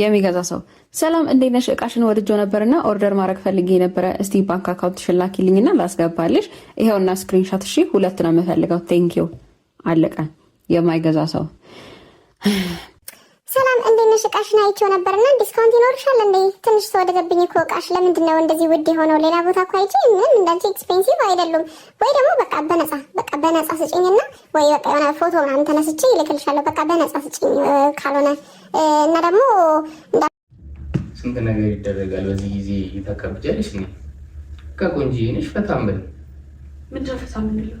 የሚገዛ ሰው ሰላም፣ እንዴት ነሽ? እቃሽን ወድጆ ነበርና ኦርደር ማድረግ ፈልጌ የነበረ እስቲ ባንክ አካውንትሽን ላኪልኝና ላስገባልሽ። ይኸውና ስክሪንሻት። እሺ፣ ሁለት ነው የምፈልገው። ቴንኪው። አለቀ። የማይገዛ ሰው ሰላም እንዴት ነሽ? እቃሽን አይቼው ነበርና ዲስካውንት ይኖርሻል እንዴ? ትንሽ ተወደደብኝ እኮ እቃሽ። ለምንድን ነው እንደዚህ ውድ የሆነው? ሌላ ቦታ እኮ አይቼ ምንም እንዳንቺ ኤክስፔንሲቭ አይደሉም። ወይ ደግሞ በቃ በነጻ በቃ በነጻ ስጭኝና ወይ በቃ የሆነ ፎቶ ምናምን ተነስቼ ይልክልሻለሁ። በቃ በነጻ ስጭኝ ካልሆነ እና ደግሞ ስንት ነገር ይደረጋል። በዚህ ጊዜ ይተከብጃልሽ። እኔ ከቆንጆ ነሽ። ፈታም ብል ምድረ ፈታ ምንለው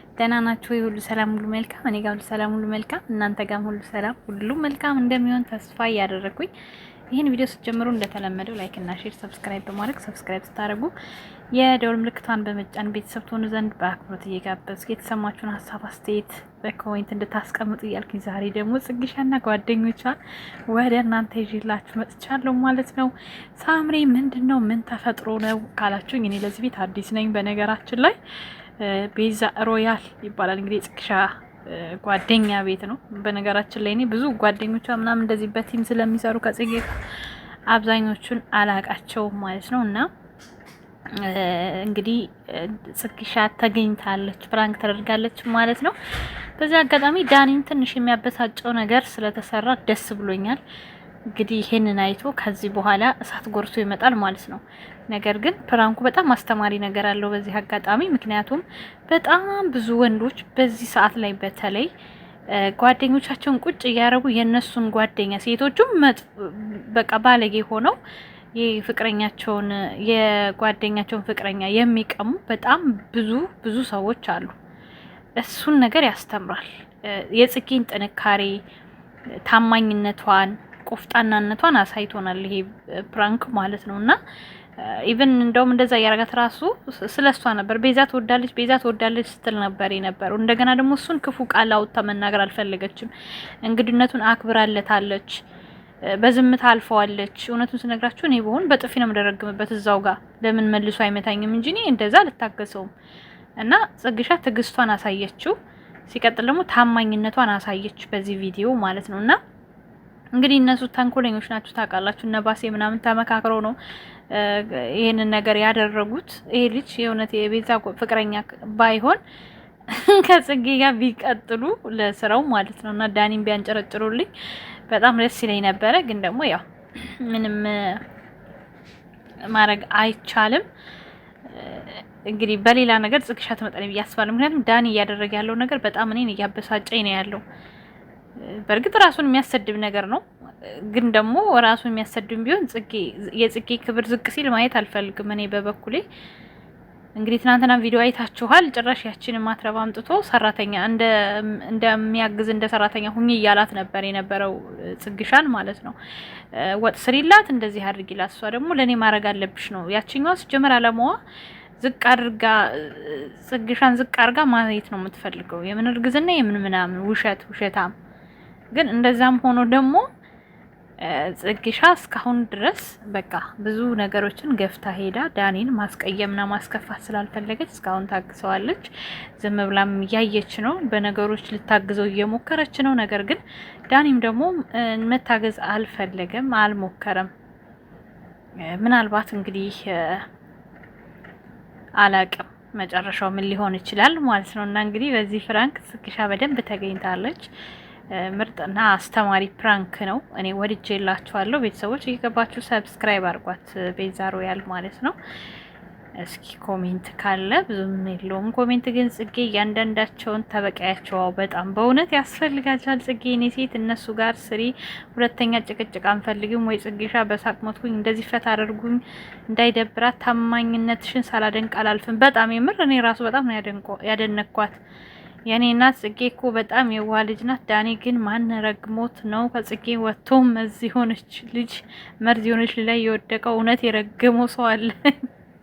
ደህና ናችሁ? ሁሉ ሰላም ሁሉ መልካም፣ እኔ ጋር ሁሉ ሰላም ሁሉ መልካም፣ እናንተ ጋርም ሁሉ ሰላም ሁሉ መልካም እንደሚሆን ተስፋ እያደረኩኝ ይህን ቪዲዮ ስትጀምሩ እንደተለመደው ላይክ እና ሼር፣ ሰብስክራይብ በማድረግ ሰብስክራይብ ስታደርጉ የደወል ምልክቷን በመጫን ቤተሰብ ትሆኑ ዘንድ በአክብሮት እየጋበዝኩ የተሰማችሁን ሀሳብ አስተያየት በኮሜንት እንድታስቀምጡ እያልኩኝ ዛሬ ደግሞ ጽግሻና ጓደኞቿ ወደ እናንተ ይዤላችሁ መጥቻለሁ ማለት ነው። ሳምሬ ምንድን ነው ምን ተፈጥሮ ነው ካላችሁኝ፣ እኔ ለዚህ ቤት አዲስ ነኝ በነገራችን ላይ ቤዛ ሮያል ይባላል እንግዲህ ጽቅሻ ጓደኛ ቤት ነው። በነገራችን ላይ እኔ ብዙ ጓደኞቿ ምናምን እንደዚህ በቲም ስለሚሰሩ ከጽጌ አብዛኞቹን አላቃቸውም ማለት ነው። እና እንግዲህ ጽግሻ ተገኝታለች፣ ፕራንክ ተደርጋለች ማለት ነው። በዚህ አጋጣሚ ዳኒን ትንሽ የሚያበሳጨው ነገር ስለተሰራ ደስ ብሎኛል። እንግዲህ ይሄንን አይቶ ከዚህ በኋላ እሳት ጎርሶ ይመጣል ማለት ነው። ነገር ግን ፕራንኩ በጣም አስተማሪ ነገር አለው በዚህ አጋጣሚ። ምክንያቱም በጣም ብዙ ወንዶች በዚህ ሰዓት ላይ በተለይ ጓደኞቻቸውን ቁጭ እያደረጉ የእነሱን ጓደኛ ሴቶቹም በቃ ባለጌ ሆነው የፍቅረኛቸውን የጓደኛቸውን ፍቅረኛ የሚቀሙ በጣም ብዙ ብዙ ሰዎች አሉ። እሱን ነገር ያስተምራል። የጽጌን ጥንካሬ ታማኝነቷን ቆፍጣናነቷን አሳይቶናል። ይሄ ፕራንክ ማለት ነው እና ኢቨን እንደውም እንደዛ እያረጋት ራሱ ስለ እሷ ነበር ቤዛ ትወዳለች፣ ቤዛ ትወዳለች ስትል ነበር የነበረው። እንደገና ደግሞ እሱን ክፉ ቃል አውጥታ መናገር አልፈለገችም። እንግድነቱን አክብራለታለች፣ በዝምታ አልፈዋለች። እውነቱን ስነግራችሁ እኔ በሆን በጥፊ ነው የምደረግምበት እዛው ጋር። ለምን መልሶ አይመታኝም እንጂ እኔ እንደዛ አልታገሰውም። እና ጽግሻ ትዕግስቷን አሳየችው። ሲቀጥል ደግሞ ታማኝነቷን አሳየች በዚህ ቪዲዮ ማለት ነው እና እንግዲህ እነሱ ተንኮለኞች ናቸው ታውቃላችሁ። እነ ባሴ ምናምን ተመካክረው ነው ይህንን ነገር ያደረጉት። ይሄ ልጅ የእውነት የቤዛ ፍቅረኛ ባይሆን ከጽጌ ጋር ቢቀጥሉ ለስራው ማለት ነው እና ዳኒም ቢያንጨረጭሩልኝ በጣም ደስ ይለኝ ነበረ። ግን ደግሞ ያው ምንም ማድረግ አይቻልም። እንግዲህ በሌላ ነገር ጽግሻ ትመጣለች ብዬ አስባለሁ። ምክንያቱም ዳኒ እያደረገ ያለው ነገር በጣም እኔን እያበሳጨኝ ነው ያለው። በእርግጥ ራሱን የሚያሰድብ ነገር ነው። ግን ደግሞ ራሱን የሚያሰድብም ቢሆን የጽጌ ክብር ዝቅ ሲል ማየት አልፈልግም። እኔ በበኩሌ እንግዲህ ትናንትና ቪዲዮ አይታችኋል። ጭራሽ ያችን ማትረባ አምጥቶ ሰራተኛ እንደሚያግዝ እንደ ሰራተኛ ሁኝ እያላት ነበር የነበረው ጽግሻን ማለት ነው። ወጥ ስሪላት፣ እንደዚህ አድርጊላት፣ እሷ ደግሞ ለእኔ ማድረግ አለብሽ ነው ያችኛዋ። ሲጀመር አለማዋ ዝቅ አድርጋ ጽግሻን ዝቅ አድርጋ ማየት ነው የምትፈልገው። የምን እርግዝና የምን ምናምን ውሸት ውሸታም ግን እንደዛም ሆኖ ደግሞ ጽጌሻ እስካሁን ድረስ በቃ ብዙ ነገሮችን ገፍታ ሄዳ ዳኒን ማስቀየምና ማስከፋት ስላልፈለገች እስካሁን ታግሰዋለች። ዝም ብላም እያየች ነው፣ በነገሮች ልታግዘው እየሞከረች ነው። ነገር ግን ዳኒም ደግሞ መታገዝ አልፈለገም፣ አልሞከረም። ምናልባት እንግዲህ አላቅም መጨረሻው ምን ሊሆን ይችላል ማለት ነው። እና እንግዲህ በዚህ ፍራንክ ጽጌሻ በደንብ ተገኝታለች። ምርጥና አስተማሪ ፕራንክ ነው። እኔ ወድጄ የላችኋለሁ ቤተሰቦች፣ እየገባችሁ ሰብስክራይብ አድርጓት። ቤዛ ሮያል ማለት ነው። እስኪ ኮሜንት ካለ ብዙም የለውም ኮሜንት ግን ጽጌ እያንዳንዳቸውን ተበቃያቸው። በጣም በእውነት ያስፈልጋቸዋል ጽጌ፣ እኔ ሴት እነሱ ጋር ስሪ። ሁለተኛ ጭቅጭቅ አንፈልግም ወይ ጽጌሻ፣ በሳቅ ሞትኩኝ። እንደዚህ ፈታ አደርጉኝ እንዳይደብራት። ታማኝነትሽን ሳላደንቅ አላልፍም። በጣም የምር እኔ ራሱ በጣም ነው ያደነኳት። የኔ እናት ጽጌ እኮ በጣም የዋ ልጅ ናት። ዳኒ ግን ማን ረግሞት ነው ከጽጌ ወጥቶ መርዝ የሆነች ልጅ መርዝ የሆነች ላይ የወደቀው? እውነት የረገመው ሰው አለ?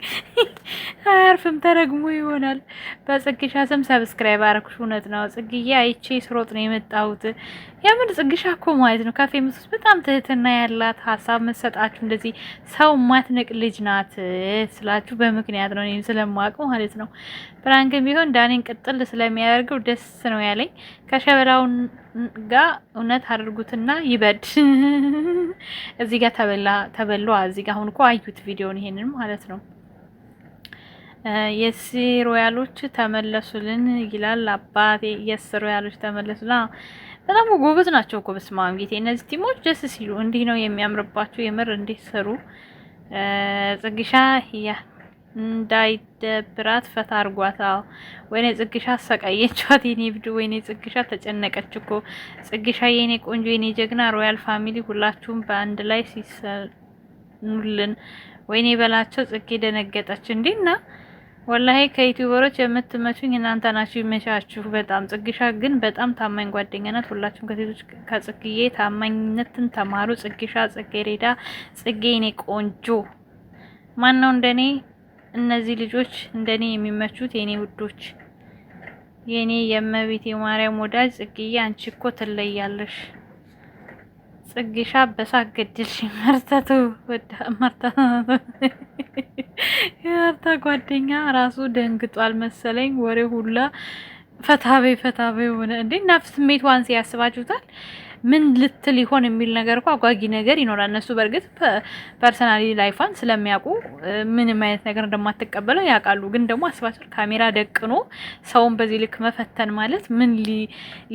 አያርፍም፣ ተረግሞ ይሆናል። በጽጌሻ ስም ሰብስክራይብ አረኩሽ። እውነት ነው ጽጌዬ፣ አይቼ ስሮጥ ነው የመጣሁት። የምር ጽግሻ እኮ ማለት ነው ከፌመስ ውስጥ በጣም ትህትና ያላት ሀሳብ መሰጣችሁ እንደዚህ ሰው ማትንቅ ልጅ ናት ስላችሁ በምክንያት ነው፣ እኔም ስለማውቀው ማለት ነው። ብራንክም ቢሆን ዳኔን ቅጥል ስለሚያደርገው ደስ ነው ያለኝ። ከሸበላውን ጋር እውነት አድርጉትና ይበድ እዚህ ጋር ተበላ ተበሏ። እዚህ ጋር አሁን እኮ አዩት ቪዲዮን ይሄንን ማለት ነው። የስ ሮያሎች ተመለሱልን ይላል አባቴ። የስ ሮያሎች ተመለሱላ በጣም ጎበዝ ናቸው እኮ በስመ አብ ጌቴ። እነዚህ ቲሞች ደስ ሲሉ እንዲህ ነው የሚያምርባቸው። የምር እንዴት ሰሩ። ጽግሻ ያ እንዳይደብራት ፈታ አርጓታ። ወይኔ ጽግሻ አሰቃየቻት። የኔ ብድ ወይኔ ጽግሻ ተጨነቀች እኮ ጽግሻ፣ የኔ ቆንጆ፣ የኔ ጀግና ሮያል ፋሚሊ ሁላችሁም በአንድ ላይ ሲሰኑልን ወይኔ በላቸው። ጽጌ ደነገጠች እንዲና ወላሂ ከዩቲዩበሮች የምትመቹኝ እናንተ ናችሁ። ይመቻችሁ። በጣም ጽግሻ ግን በጣም ታማኝ ጓደኛ ናት። ሁላችሁም ከሴቶች ከጽግዬ ታማኝነትን ተማሩ። ጽግሻ፣ ሬዳ ጽጌ ኔ ቆንጆ ማን ነው እንደኔ? እነዚህ ልጆች እንደኔ የሚመቹት የኔ ውዶች፣ የኔ የእመቤቴ ማርያም ወዳጅ ጽግዬ፣ አንቺ እኮ ትለያለሽ። ጽጌሻ በሳገድል ገድልሽ መርተቱ የመርታ ጓደኛ ራሱ ደንግጧል መሰለኝ ወሬ ሁላ ፈታቤ ፈታቤ ሆነ እንዴ! ነፍስ ስሜት ዋንስ ያስባችሁታል? ምን ልትል ይሆን የሚል ነገር እኮ አጓጊ ነገር ይኖራል። እነሱ በእርግጥ ፐርሰናሊ ላይፏን ስለሚያውቁ ምንም አይነት ነገር እንደማትቀበለው ያውቃሉ። ግን ደግሞ አስባችሁት ካሜራ ደቅኖ ሰውን በዚህ ልክ መፈተን ማለት ምን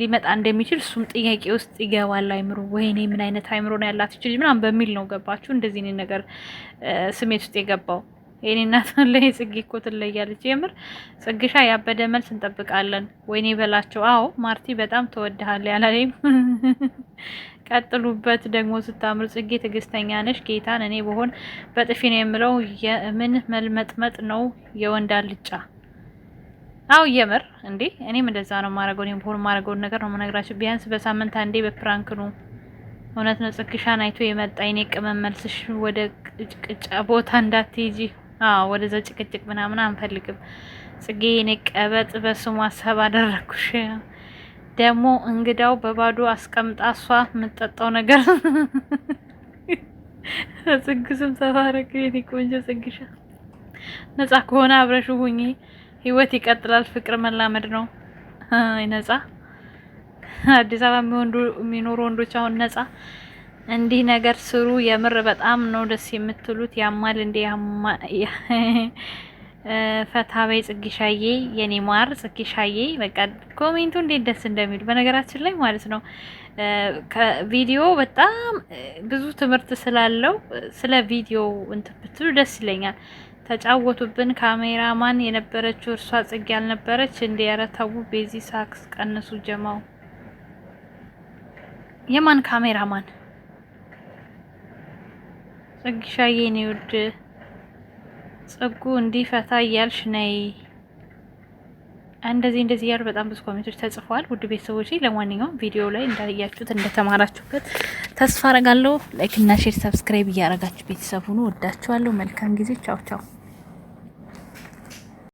ሊመጣ እንደሚችል እሱም ጥያቄ ውስጥ ይገባል። አይምሮ ወይኔ ምን አይነት አይምሮ ነው ያላት ይችል ምናምን በሚል ነው ገባችሁ እንደዚህ ነገር ስሜት ውስጥ የገባው የኔ እናት ላይ ጽጌ እኮ ትለያለች። የምር ጽግሻ ያበደ መልስ እንጠብቃለን። ወይኔ በላቸው። አዎ ማርቲ በጣም ተወድሃል ያላለም ቀጥሉበት። ደግሞ ስታምር ጽጌ ትዕግስተኛ ነሽ። ጌታን እኔ በሆን በጥፊ ነው የምለው። የምን መልመጥመጥ ነው የወንድ አልጫ? አው የምር እንዴ! እኔም እንደዛ ነው ማረገው። እኔም በሆን ማረገው ነገር ነው መነግራችሁ። ቢያንስ በሳምንት አንዴ በፕራንክ ነው። እውነት ነው ጽግሻን አይቶ የመጣ የኔ ቅመም መልስሽ ወደ ቅጫ ቦታ እንዳትሄጂ ወደዛ ጭቅጭቅ ምናምን አንፈልግም። ጽጌ የኔ ቀበጥ በስሙ ሀሳብ አደረግኩሽ። ደግሞ እንግዳው በባዶ አስቀምጣ እሷ የምጠጣው ነገር ጽግስም ተባረክ የኔ ቆንጆ ጽግሻ። ነጻ ከሆነ አብረሽ ሁኚ። ህይወት ይቀጥላል። ፍቅር መላመድ ነው። ነጻ አዲስ አበባ የሚኖሩ ወንዶች አሁን ነጻ እንዲህ ነገር ስሩ። የምር በጣም ነው ደስ የምትሉት። ያማል እንደ ፈታባይ ጽጌሻዬ፣ የኔ ማር ጽጌሻዬ። በቃ ኮሜንቱ እንዴት ደስ እንደሚል በነገራችን ላይ ማለት ነው። ከቪዲዮ በጣም ብዙ ትምህርት ስላለው ስለ ቪዲዮ እንትን ብትሉ ደስ ይለኛል። ተጫወቱብን። ካሜራማን የነበረችው እርሷ ጽጌ ያልነበረች እንደ ያረታው ቤዚ ሳክስ ቀንሱ ጀማው የማን ካሜራማን ጽግሻዬ የኔ ውድ ጽጉ እንዲፈታ እያልሽ ነይ እንደዚህ እንደዚህ እያሉ በጣም ብዙ ኮሜንቶች ተጽፈዋል። ውድ ቤተሰቦች ለማንኛውም ቪዲዮ ላይ እንዳያችሁት እንደተማራችሁበት ተስፋ አረጋለሁ። ላይክ እና ሼር፣ ሰብስክራይብ እያረጋችሁ ቤተሰብ ሁኑ። ወዳችኋለሁ። መልካም ጊዜ። ቻው ቻው